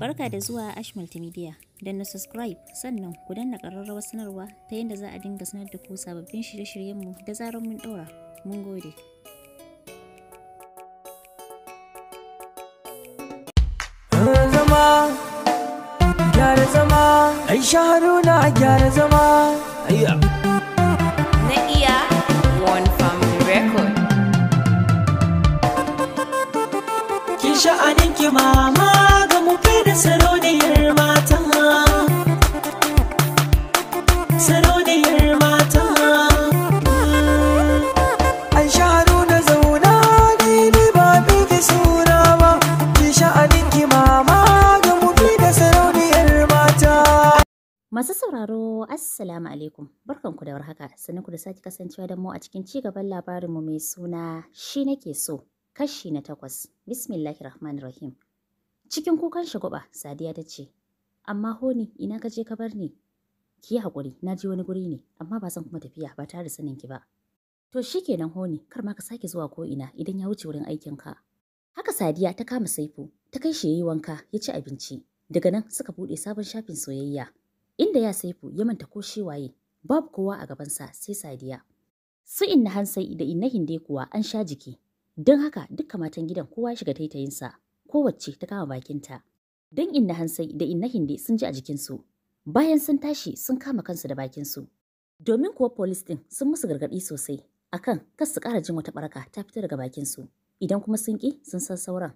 Barka da zuwa Ash Multimedia. Don na subscribe sannan ku danna ƙararrawar sanarwa ta yadda za a dinga sanar da ku sababbin shirye-shiryenmu da zarar mun ɗora. Mun gode. gyara zama, gyara zama. Na iya One Family Record. Kin mama. sarauniyar mata ba suna ba sha'anin mata masu sauraro assalamu alaikum barkanku da warhaka sannan ku da sake kasancewa da mu a cikin ci cigaban labarinmu mai suna shi nake so kashi na takwas bismillahir rahmanir rahim cikin kukan shagwaba sadiya ta ce amma honi ina ka je ka barni? Ki yi hakuri, na je wani guri ne, amma ba zan kuma tafiya ba tare da sanin ki ba. To shikenan honi, kar ma ka sake zuwa ko ina idan ya wuce wurin aikin ka. Haka Sadiya ta kama Saifu, ta kai shi yayi wanka, ya ci abinci. Daga nan suka bude sabon shafin soyayya, inda ya Saifu ya manta ko shi waye, babu kowa a gaban sa sai Sadiya. Su inna hansai da inna hinde kuwa an sha jiki, don haka dukka matan gidan kowa ya shiga taitayinsa, kowacce ta kama bakinta. Don inna hansai da inna hinde sun ji a jikinsu, Bayan sun tashi sun kama kansu da bakinsu. Domin kuwa polis ɗin sun musu gargaɗi sosai akan kar su ƙara jin wata baraka ta fito daga bakinsu. Idan kuma sun ƙi sun san sauran.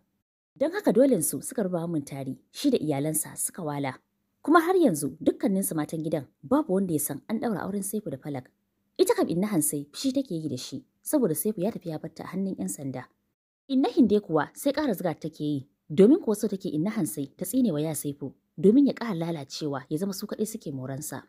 Don haka dolen su suka ruba mun tari shi da iyalansa suka wala. Kuma har yanzu su matan gidan babu wanda ya san an ɗaura auren Saifu da Falak. Ita kam inna Hansai shi take yi da shi saboda Saifu ya tafi ya batta a hannun 'yan sanda. Inna Hinde kuwa sai ƙara zuga take yi domin kuwa so take inna Hansai ta tsine wa ya Saifu domin ya ƙara lalacewa ya zama su kaɗai suke moransa.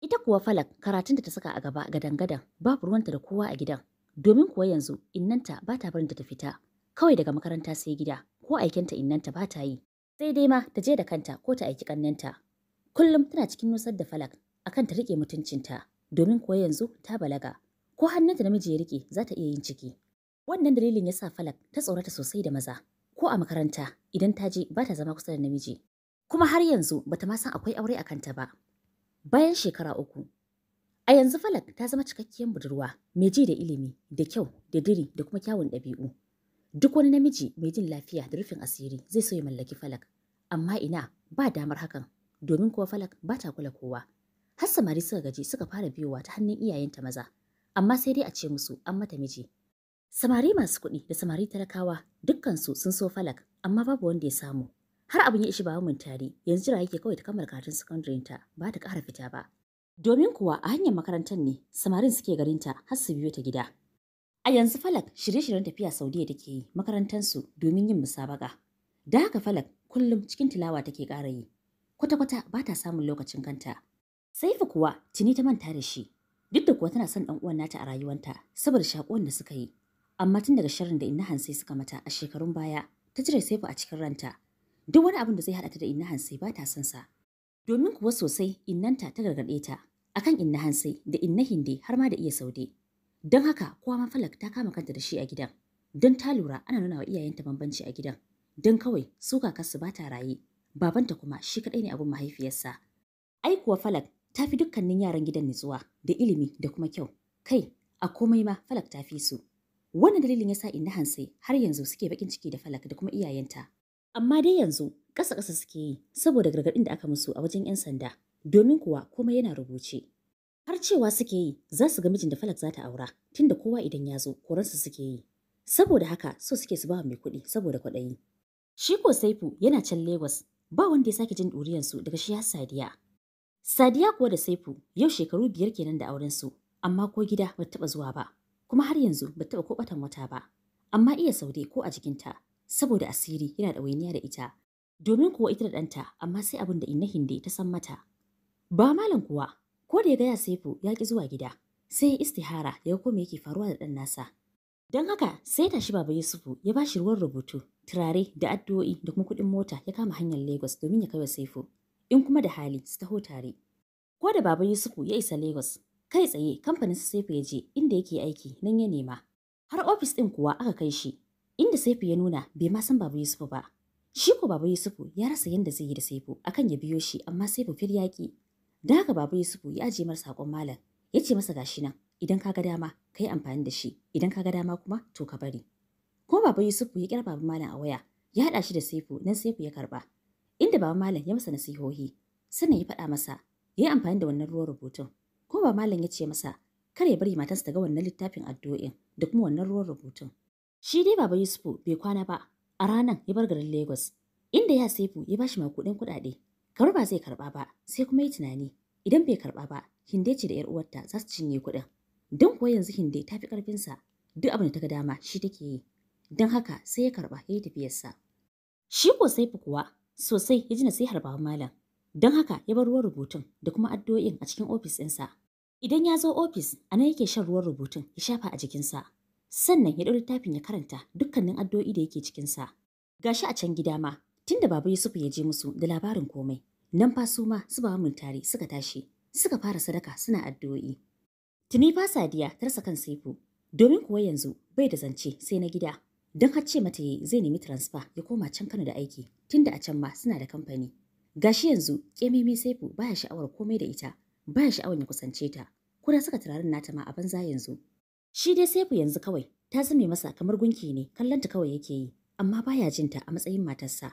Ita kuwa Falak karatun da ta saka a gaba gadan-gadan babu ruwanta da kowa a gidan, domin kuwa yanzu innanta ba ta barin ta fita, kawai daga makaranta sai gida ko aikinta innanta ba ta yi, sai dai ma ta je da kanta ko ta aiki ƙannenta. Kullum tana cikin nusar da Falak akan ta riƙe mutuncinta, domin kuwa yanzu ta balaga, ko hannunta namiji ya riƙe za ta iya yin ciki. Wannan dalilin ya sa Falak ta tsorata sosai da maza, ko a makaranta idan ta je ba ta zama kusa da namiji kuma har yanzu bata ma san akwai aure a kanta ba. Bayan shekara uku, a yanzu Falak ta zama cikakkiyar budurwa, mai ji da ilimi, da kyau, da diri, da kuma kyawun ɗabi'u. Duk wani namiji mai jin lafiya da rufin asiri zai so ya mallaki Falak, amma ina ba damar hakan, domin kuwa Falak ba ta kula kowa. Har samari suka gaji suka fara biyowa ta hannun iyayenta maza, amma sai dai a ce musu an mata miji. Samari masu kuɗi da samari talakawa dukkansu sun so Falak, amma babu wanda ya samu. Har abin ya ishi ba mun tari, yanzu jira yake kawai ta kammala karatun secondary ta ba ta ƙara fita ba. Domin kuwa a hanyar makarantar ne samarin suke ta har su biyo ta gida. A yanzu Falak shirye-shiryen tafiya Saudiya take yi makarantarsu domin yin musabaka. Da haka Falak kullum cikin tilawa take ƙara yi. Kwata-kwata ba ta samun lokacin kanta. Saifu kuwa tuni ta manta da shi. Duk da kuwa tana son ɗan uwan nata a rayuwanta saboda shakuwan da suka yi. Amma tun daga sharrin da Inna Hansai suka mata a shekarun baya ta jira Saifu a cikin ranta Duk wani abin da zai haɗa ta da inna Hansai ba ta son sa. Domin kuwa sosai innanta ta gargaɗe ta akan inna Hansai da inna Hinde har ma da iya saude. Don haka kowa ma falak ta kama kanta da shi a gidan. Don ta lura ana nuna wa iyayenta bambanci a gidan. Don kawai su kakarsu ba ta raye. Babanta kuma shi kaɗai ne abin mahaifiyarsa. Ai kuwa falak ta fi dukkanin yaran gidan nutsuwa da ilimi da kuma kyau. Kai, a komai ma falak ta fi su. Wannan dalilin ya sa inna Hansai har yanzu suke bakin ciki da Falak da kuma iyayenta Amma dai yanzu ƙasa-ƙasa suke yi saboda gargaɗin da aka musu a wajen 'yan sanda, domin kuwa komai yana rubuce. Har cewa suke yi za su ga mijin da Falak za ta aura, tunda kowa idan ya zo koransu suke yi. Saboda haka so suke su ba mai kuɗi saboda kwaɗayi. Shi ko Saifu yana can Lagos, ba wanda ya sake jin ɗuriyansu daga shi har Sadiya. Sadiya kuwa da Saifu yau shekaru biyar kenan da aurensu, amma ko gida ba taɓa zuwa ba, kuma har yanzu ba taɓa ko ɓatan wata ba. Amma iya saude ko a jikinta, saboda asiri yana ɗawainiya da ita domin kuwa ita da ɗanta amma sai abin da inna hinde ta san mata ba malam kuwa ko da ya gaya saifu ya ki zuwa gida sai ya istihara ya ga kome yake faruwa da ɗan nasa don haka sai tashi baba yusufu ya ba shi ruwan rubutu turare da addu'o'i da kuma kuɗin mota ya kama hanyar lagos domin ya wa saifu in kuma da hali su taho tare ko da baba yusufu ya isa lagos kai tsaye kamfanin su saifu ya je inda yake aiki nan ya nema har ofis ɗin kuwa aka kai shi Inda Saifu ya nuna bai ma san Baba Yusufu ba. Shi ko Baba Yusufu ya rasa yadda zai yi da Saifu akan ya biyo shi amma Saifu fir yaƙi. Da haka Baba Yusufu ya ajiye masa saƙon malam ya ce masa gashi nan idan ka ga dama ka yi amfani da shi idan ka ga dama kuma to ka bari. Ko Baba Yusufu ya kira Baba Malam a waya ya haɗa shi da Saifu nan Saifu ya karɓa. Inda Baba Malam ya masa nasihohi sannan ya faɗa masa ya yi amfani da wannan ruwan rubutun. Ko Baba Malam ya ce masa kar ya bari matarsa ta ga wannan littafin addu'o'in da kuma wannan ruwan rubutun. Shi dai Baba Yusufu bai kwana ba, a ranan ya bar garin Lagos, inda ya Saifu ya bashi makuɗin kuɗaɗe. Kamar ba zai karɓa ba, sai kuma yi tunani, idan bai karɓa ba, Hinde ce da ‘yar uwarta za su cinye kuɗin. Don kuwa yanzu Hinde ta fi ƙarfinsa, duk abin da ta ga dama shi take yi. Don haka sai ya karɓa ya yi tafiyarsa. Shi ko Saifu kuwa sosai ya ji sai wa Malam. Don haka ya bar ruwan rubutun da kuma addu'o'in a cikin ofis ɗinsa. Idan ya zo ofis, a nan yake shan ruwan rubutun ya shafa a jikinsa. sannan ya ɗau littafin ya karanta dukkanin addu'o'i da yake cikinsa. Gashi a can gida ma, tunda Baba Yusufu ya je musu da labarin komai, nan fa su ma su ba tare suka tashi, suka fara sadaka suna addu'o'i. Tuni fa Sadiya ta rasa kan Saifu, domin kuwa yanzu bai da zance sai na gida. Don har ce mata yayi zai nemi transfer ya koma can Kano da aiki, tunda a can ma suna da kamfani. Gashi yanzu kememe Saifu baya sha'awar komai da ita, baya sha'awar ya kusance ta. Kuna suka turarin nata ma a banza yanzu, Shi dai Saifu yanzu kawai ta zame masa kamar gunki ne kallonta kawai yake yi amma baya jinta a matsayin matarsa.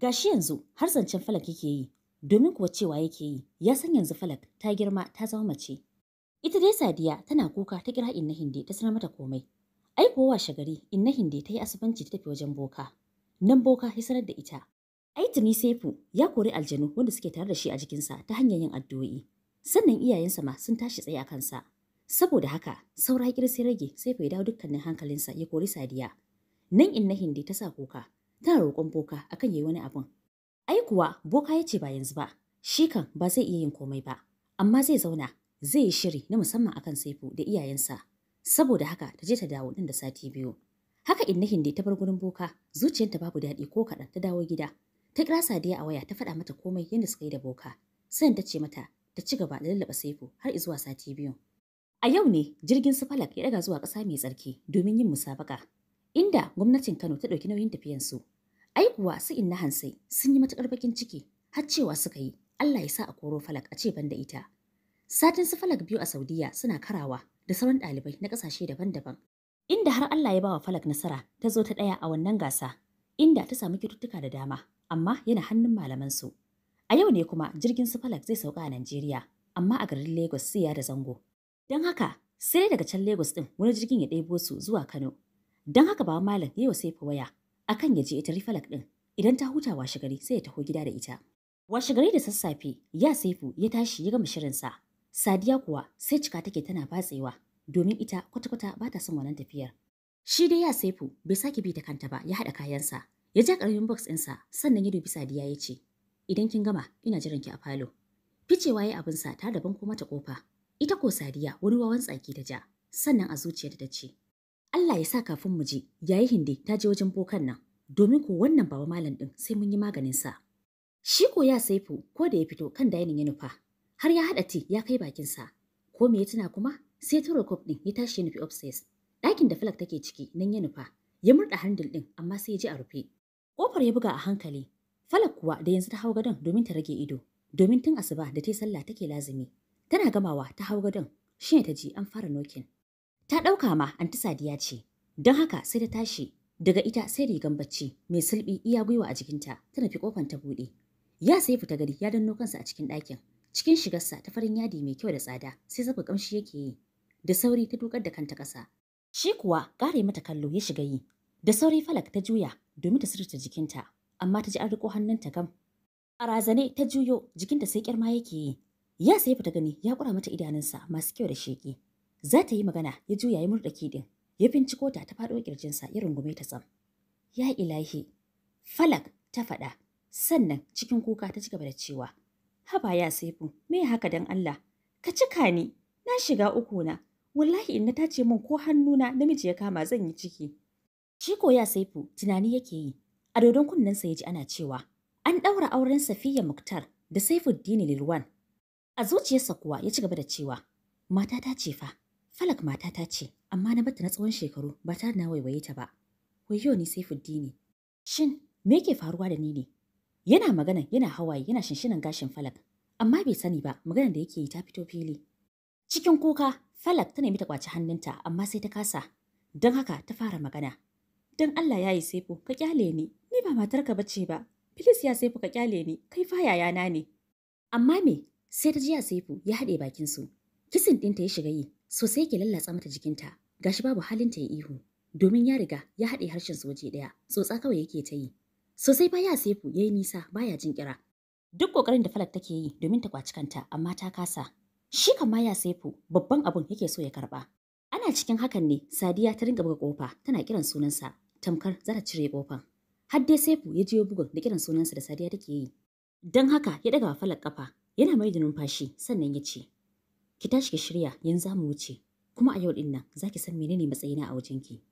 Gashi yanzu har zancen Falak yake yi domin kuwa cewa yake yi ya san yanzu Falak ta girma ta zama mace. Ita dai Sadiya tana kuka ta kira Inna Hinde ta sanar mata komai. Ai kuwa washe gari Inna Hinde ta yi asibanci ta tafi wajen boka. Nan boka ya sanar da ita. Ai tuni Saifu ya kori aljanu wanda suke tare da shi a jikinsa ta hanyar yin addu'o'i. Sannan iyayensa ma sun tashi tsaye a kansa. Saboda haka, saura ya sai rage sai fa ya dawo dukkanin hankalinsa ya kori Sadiya. Nan in na hindi ta sa kuka, ta roƙon boka akan yayi wani abun. Ai kuwa boka ya ce ba yanzu ba, shi kan ba zai iya yin komai ba, amma zai zauna, zai yi shiri na musamman akan Saifu da iyayensa. Saboda haka ta je ta dawo nan da sati biyu. Haka in na hindi ta bar gurin boka, zuciyarta babu daɗi ko kaɗan ta dawo gida. Ta kira Sadiya a waya ta faɗa mata komai yadda suka yi da boka. Sannan ta ce mata ta ci gaba da lallaɓa Saifu har zuwa sati biyu. A yau ne jirgin su Falak ya daga zuwa ƙasa mai tsarki domin yin musabaka, inda gwamnatin Kano ta ɗauki nauyin tafiyansu. Ai kuwa su inna hansai sun yi matuƙar bakin ciki har cewa suka yi Allah ya sa a koro Falak a ce ban da ita. Satin su Falak biyu a Saudiyya suna karawa da sauran ɗalibai na ƙasashe daban-daban. Inda har Allah ya ba wa Falak nasara ta zo ta ɗaya a wannan gasa, inda ta samu kyaututtuka da dama, amma yana hannun malamansu. A yau ne kuma jirgin su Falak zai sauka a Najeriya, amma a garin Lagos ya da zango. Don haka sai daga can Lagos din wani jirgin ya ɗebo su zuwa Kano. Don haka ba malam ya yi wa Saifu waya akan ya je ita rifalak din, idan ta huta washe gari sai ya taho gida da ita. Washe gari da sassafe ya Saifu ya tashi ya gama shirinsa. Sadiya kuwa sai cika take tana batsewa domin ita kwata-kwata ba ta son wannan tafiyar. Shi dai ya Saifu bai sake bi ta kanta ba ya haɗa kayansa ya ja ƙaramin box ɗinsa sannan ya dubi Sadiya ya ce idan kin gama ina jiran ki a falo. Ficewa ya yi abinsa tare da banko mata kofa Ita ko Sadiya wani wawan tsaki ta ja, sannan a zuciyarta ta ce, Allah ya sa kafin mu je, yayi Hinde ta je wajen bokan nan, domin ko wannan baba malam ɗin sai mun yi maganin sa. Shi ko ya saifu ko da ya fito kan dainin ya nufa, har ya haɗa ti ya kai bakin sa. Ko me ya tuna kuma sai turo ɗin ya tashi ya nufi upstairs. Ɗakin da Falak take ciki nan ya nufa, ya murɗa handil ɗin amma sai ya ji a rufe. Ƙofar ya buga a hankali, Falak kuwa da yanzu ta hau gadon domin ta rage ido, domin tun asuba da ta sallah take lazumi, Tana gamawa ta hau gadon shi ne ta ji an fara nokin. Ta ɗauka ma anti sadiya ce, don haka sai ta tashi daga ita sai rigan bacci mai sulbi iya gwiwa a jikinta Tana fi kofan ta buɗe. Ya sai fita gari ya danno kansa a cikin ɗakin. Cikin shigarsa ta farin yadi mai kyau da tsada sai zaba kamshi yake yi. Da sauri ta dukar da kanta ƙasa. Shi kuwa ƙare mata kallo ya shiga yi. Da sauri falak ta juya domin ta sirta jikinta amma ta ji an riko hannunta gam. A razane ta juyo jikinta sai kirma yake yi Ya sai ta gani ya kura mata idanunsa masu kyau da sheki. Za ta yi magana ya juya ya murɗa kiɗin. Ya binciko ta ta faɗo ƙirjinsa ya rungume ta sam Ya ilahi. Falak ta faɗa. Sannan cikin kuka ta cigaba da cewa. Haba ya saifu, me haka dan Allah? Ka cika ni, na shiga uku na. Wallahi in na tace min ko hannu na namiji ya kama zan yi ciki. Shi ya saifu tunani yake yi. A dodon kunnensa ya ji ana cewa an ɗaura auren Safiya Muktar da Saifuddini Lilwan A zuciyarsa kuwa ya ci gaba da cewa, Matata ce fa, Falak matata ce, amma na bata na tsawon shekaru ba tare na waiwaye ta ba. yau ni Saifuddini. Shin, me yake faruwa da ni ne? Yana magana yana hawaye yana shinshinan gashin Falak, amma bai sani ba maganar da yake yi ta fito fili. Cikin kuka, Falak ta nemi ta kwaci hannunta amma sai ta kasa. Don haka ta fara magana. Don Allah ya yi Saifu, ka kyale ni, ni ba matarka ba ce ba. Filis ya Saifu ka kyale ni, kai fa yayana ne. Amma me, Sai ta ji jiya Saifu ya haɗe bakinsu. Kisin ɗinta ya shiga yi, sosai ke lallatsa mata jikinta, gashi babu halin ta ya ihu. Domin ya riga ya haɗe harshen su waje ɗaya, tsotsa kawai yake ta yi. Sosai ba ya Saifu ya yi nisa baya jin kira. Duk ƙoƙarin da Falak take yi domin ta kwaci kanta, amma ta kasa. Shi kan ma ya Saifu babban abun yake so ya karɓa. Ana cikin hakan ne Sadiya ta ringa buga ƙofa tana kiran sunansa, tamkar za ta cire ƙofan. Har dai Saifu ya jiyo bugun da kiran sunansa da Sadiya take yi. Don haka ya daga Falak kafa Yana mai da numfashi sannan ya ce, Ki tashi ki shirya yanzu za mu wuce, kuma a yau din nan za ki san menene matsayina a wajen ki.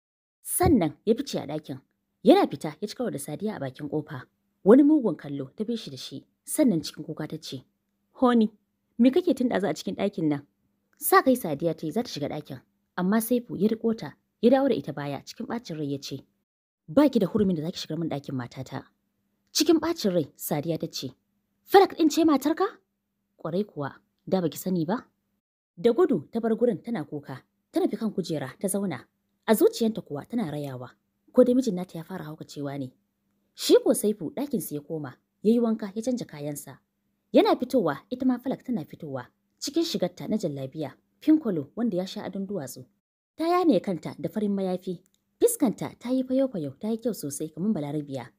Sannan ya fice a ɗakin. Yana fita ya ci karo da Sadiya a bakin kofa. Wani mugun kallo ta bi shi da shi, sannan cikin kuka ta ce, Honi, me kake tun ɗazu a cikin ɗakin nan? Sa kai Sadiya ta yi za ta shiga ɗakin, amma Saifu ya riƙo ta, ya dawo da ita baya cikin ɓacin rai ya ce, Ba ki da hurumin da za ki shiga min ɗakin matata. Cikin ɓacin rai, Sadiya ta ce, Falak ɗin ce matarka? kwarai kuwa, da baki sani ba? Da gudu ta bar gurin tana kuka, tana fi kan kujera ta zauna. A zuciyanta kuwa tana rayawa, ko dai mijin nata ya fara hauka cewa ne. Shi ko Saifu ɗakinsa ya koma, ya yi wanka ya canja kayansa. Yana fitowa, ita ma Falak tana fitowa, cikin shigarta na jallabiya, finkolo wanda ya sha adon duwatsu. Ta yane kanta da farin mayafi, fiskanta ta yi fayo-fayo ta yi kyau sosai kamar balarabiya.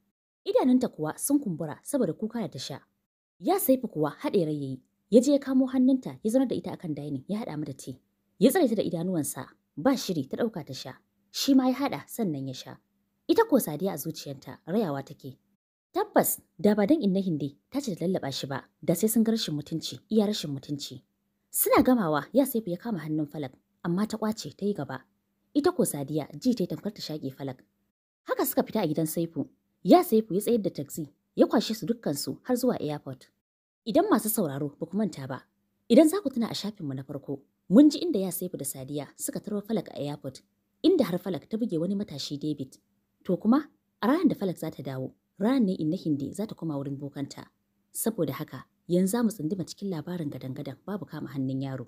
Idanunta kuwa sun kumbura saboda kuka da ta sha. Ya Saifu kuwa haɗe rayayi, ya je ya kamo hannunta ya zaunar da ita akan dainin ya haɗa mata ti ya tsare ta da sa, ba shiri ta ɗauka ta sha shi ma ya haɗa sannan ya sha ita ko sadiya a zuciyarta rayawa take tabbas da ba dan inna hindi ta ce da lallaba shi ba da sai sun ga rashin mutunci iya rashin mutunci suna gamawa ya saifu ya kama hannun falak amma ta kwace ta yi gaba ita ko sadiya ji ta yi tamkar ta shaƙe falak haka suka fita a gidan saifu ya saifu ya tsayar da taxi ya kwashe su dukkansu har zuwa airport Idan masu sauraro ba ku manta ba, idan za ku tuna a shafinmu na farko, mun ji inda ya saifu da Sadiya suka tarwa Falak a airport, inda har Falak ta buge wani matashi David. To kuma, a ranar da Falak za ta dawo, ranar ne inna Hindi za ta koma wurin bokanta. Saboda haka, yanzu za mu tsunduma cikin labarin gadan babu kama hannun yaro.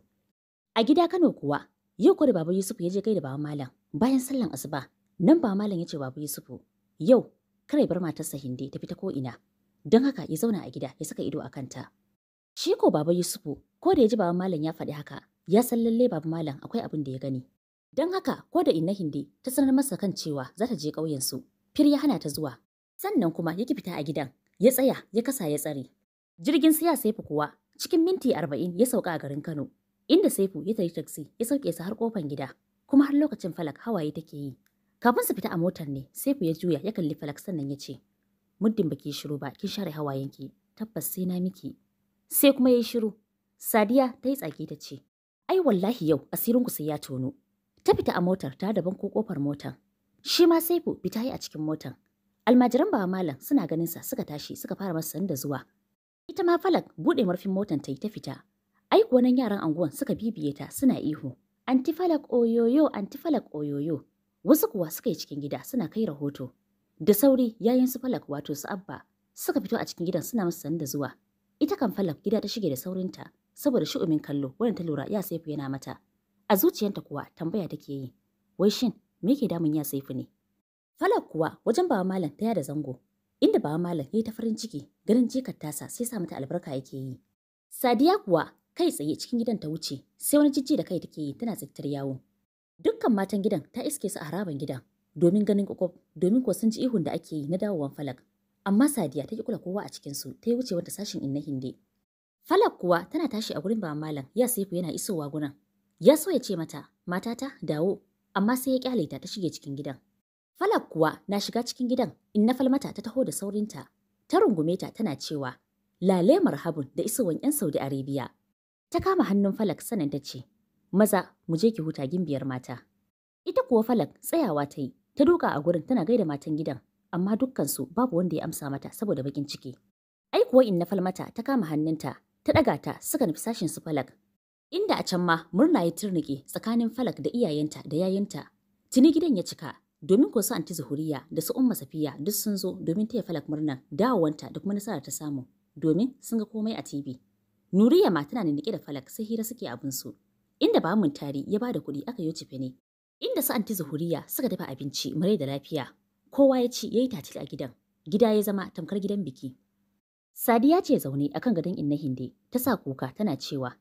A gida Kano kuwa, yau kwa Babu Baba Yusufu ya je gaida Baba Malam bayan sallan asuba. Nan Baba Malam ya ce Baba Yusufu, yau kar bar matarsa Hindi ta fita ko ina. don haka ya zauna a gida ya saka ido a kanta. Shi ko Baba Yusufu ko da ya ji Baba Malam ya faɗi haka ya san lallai Baba Malam akwai abin da ya gani. Don haka ko da Inna Hindi ta sanar masa kan cewa za ta je ƙauyensu, fir ya hana ta zuwa. Sannan kuma ya fita a gidan, ya tsaya ya kasa ya tsare. Jirgin siya Saifu kuwa cikin minti arba'in ya sauka a garin Kano, inda Saifu ya tari taksi ya sauke su har kofan gida, kuma har lokacin Falak hawaye take yi. Kafin su fita a motar ne, Saifu ya juya ya kalli Falak sannan ya ce, muddin baki shiru ba kin share hawayenki tabbas sai na miki sai kuma yayi shiru sadiya ta yi tsaki ta ce ai wallahi yau asirin ku sai ya tono ta fita a motar ta daban ko kofar motar shi ma saifu fita yi a cikin motar almajiran baba malam suna ganin sa suka tashi suka fara masa sanda zuwa ita ma falak bude murfin motar ta yi ta fita ai kuwa nan yaran anguwan suka bibiye ta suna ihu anti falak oyoyo anti falak oyoyo wasu kuwa suka yi cikin gida suna kai rahoto Da sauri yayin su Falak wato su Abba suka fito a cikin gidan suna masa da zuwa. Ita kan Falak gida ta shige da saurinta saboda shu'umin kallo wannan ta lura ya saifu yana mata. A zuciyarta kuwa tambaya take yi. Wai shin me yake damun ya saifu ne? Falak kuwa wajen bawa malam ta da zango inda bawa malam ya ta farin ciki garin jikar tasa sai sa mata albarka yake yi. Sadiya kuwa kai tsaye cikin gidan ta wuce sai wani jijji da kai take yi tana tsittar yawo. Dukkan matan gidan ta iske su a harabar gidan domin ganin kokof domin kuwa sun ji ihun da ake yi na dawowan falak. Amma Sadiya ta ki kula kowa a su ta yi wuce wata sashin inna hinde. Falak kuwa tana tashi a gurin ba malam ya saifu yana isowa gunan. Ya so ya ce mata, mata ta, dawo, amma sai ya kyale ta ta shige cikin gidan. Falak kuwa na shiga cikin gidan in na falmata ta taho da saurinta. Ta rungume ta tana cewa, lale marhabun da isowan 'yan Saudi Arabia. Ta kama hannun Falak sanan ta ce, maza mu je ki huta gimbiyar mata. Ita kuwa Falak tsayawa ta yi, Ta duka a gurin tana gaida matan gidan, amma dukkansu babu wanda ya amsa mata saboda bakin ciki. Ai kuwa in na falmata ta kama hannunta, ta ɗaga ta suka nufi sashin su falak. Inda a can ma murna ya turnike tsakanin falak da iyayenta da yayinta. Tuni gidan ya cika, domin ko su anti zuhuriya da su umma safiya duk sun zo domin taya falak murnan dawowanta da kuma nasara ta samu domin sun ga komai a tv nuriya ma tana da da falak sai hira suke abin su inda bamun tari ya bada kuɗi aka yi fini. Inda su anti Zuhuriya suka dafa abinci mare da lafiya, kowa ya ci yayi tatil a gidan. Gida ya zama tamkar gidan biki. Sadiya ce zaune akan gadon Inna Hinde, ta sa kuka tana cewa,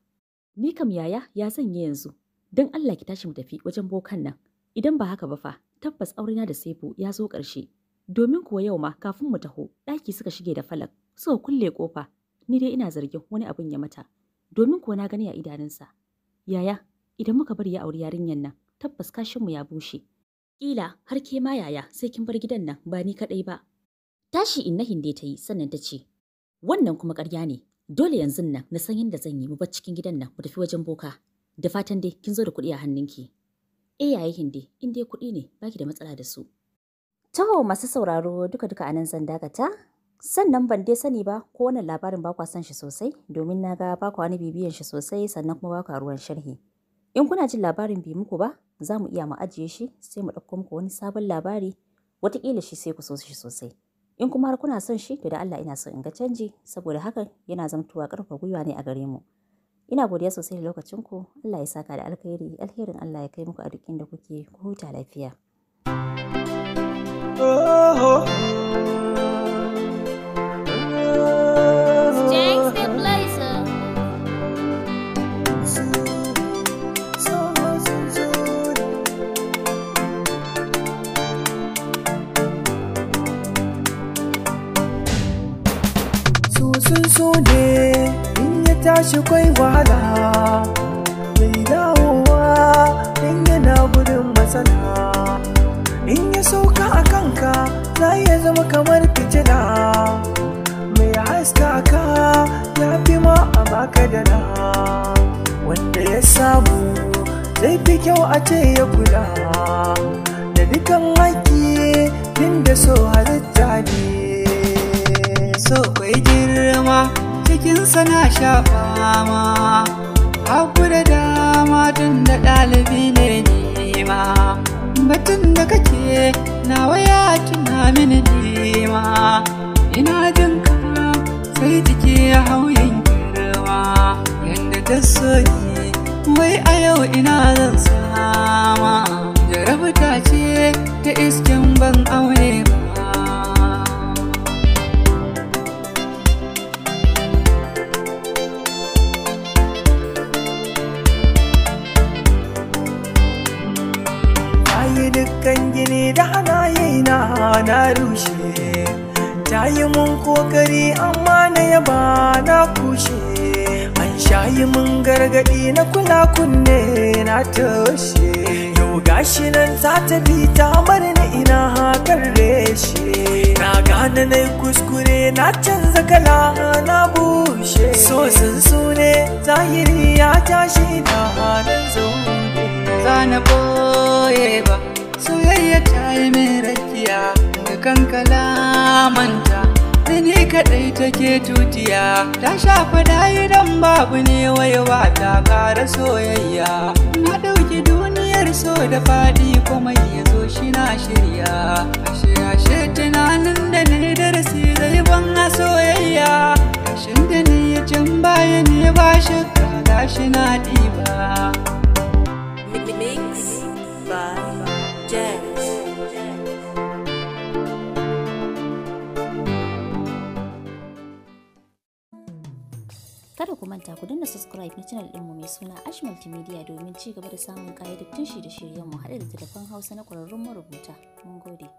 Ni kam yaya ya zan yanzu, don Allah ki tashi mu tafi wajen bokan nan, idan ba haka ba fa, tabbas aurena da Saifu ya zo ƙarshe. Domin kuwa yau ma kafin mu taho, ɗaki suka shige da falak, suka kulle kofa ni dai ina zargin wani abun ya mata, domin kuwa na gani a idanunsa. Yaya, idan muka bari ya auri yarinyar nan, tabbas kashinmu ya bushe. Ƙila har ke ma yaya sai kin bar gidan nan ba ni kaɗai ba. Tashi innahin da ta yi sannan ta ce, Wannan kuma ƙarya ne, dole yanzu nan na san yadda zan yi mu bar cikin gidan nan mu tafi wajen boka. Da fatan dai kin zo da kuɗi a hannunki. e yayi hindi, in dai kuɗi ne baki da matsala da su. Taho masu sauraro duka-duka anan zan dakata. Sannan ban dai sani ba ko wannan labarin ba kwa son shi sosai domin na ga ba kwa wani bibiyan shi sosai sannan kuma ba ruwan sharhi. In kuna jin labarin bi muku ba, za mu iya mu ajiye shi sai mu ɗauko muku wani sabon labari wataƙila shi sai ku so shi sosai in kuma har kuna son shi to da Allah ina son in ga canji saboda hakan yana zamtowa ƙarfa gwiwa ne a gare mu ina godiya sosai da lokacinku Allah ya saka da alkhairi alherin Allah ya kai muku a duk inda kuke ku huta lafiya oh, oh. sun so ne in ya tashi kwai wahala mai dawowa in yana gudun matsala in ya sauka a kanka za ya zama kamar fitila mai haska ka ya fi ma a baka da na wanda ya samu zai fi kyau a ce ya kula da dukan haƙi tun da so halitta ne so kwai girma cikin sana sha fama haku da dama tun da ɗalibi ne nima batun da kake nawa ya tuna mini nima ina jin ka sai jiki ya hauyin girma yadda ta soki wai a yau ina zan sama jarabta ce ta iskin ban aure ba gida na na na rushe Tayi yi mun kokari amma na yaba na kushe an shayi mun gargadi na kula kunne na toshe yau gashi nan ta bi ta bar na ina hakar reshe na gane na kuskure na canza kala na bushe so sun sune zahiri ya tashi na hannun zaune za na boye ba soyayya ta yi mai rakiya da kankala manta da ni kadai take tutiya ta shafa dayi don babu ne waiwa ta kara soyayya na ɗauki duniyar so da faɗi kuma ya zo shi na shirya ashe tunanin da ni darasi zai ban a soyayya kashin da ni ya can baya ne ba shakka gashi na ɗiba ku danna subscribe na channel ɗinmu mai suna Ash Multimedia domin ci gaba da samun ƙayyadattun shirye-shiryenmu haɗe da telefon Hausa na ƙwararrun marubuta. Mun gode.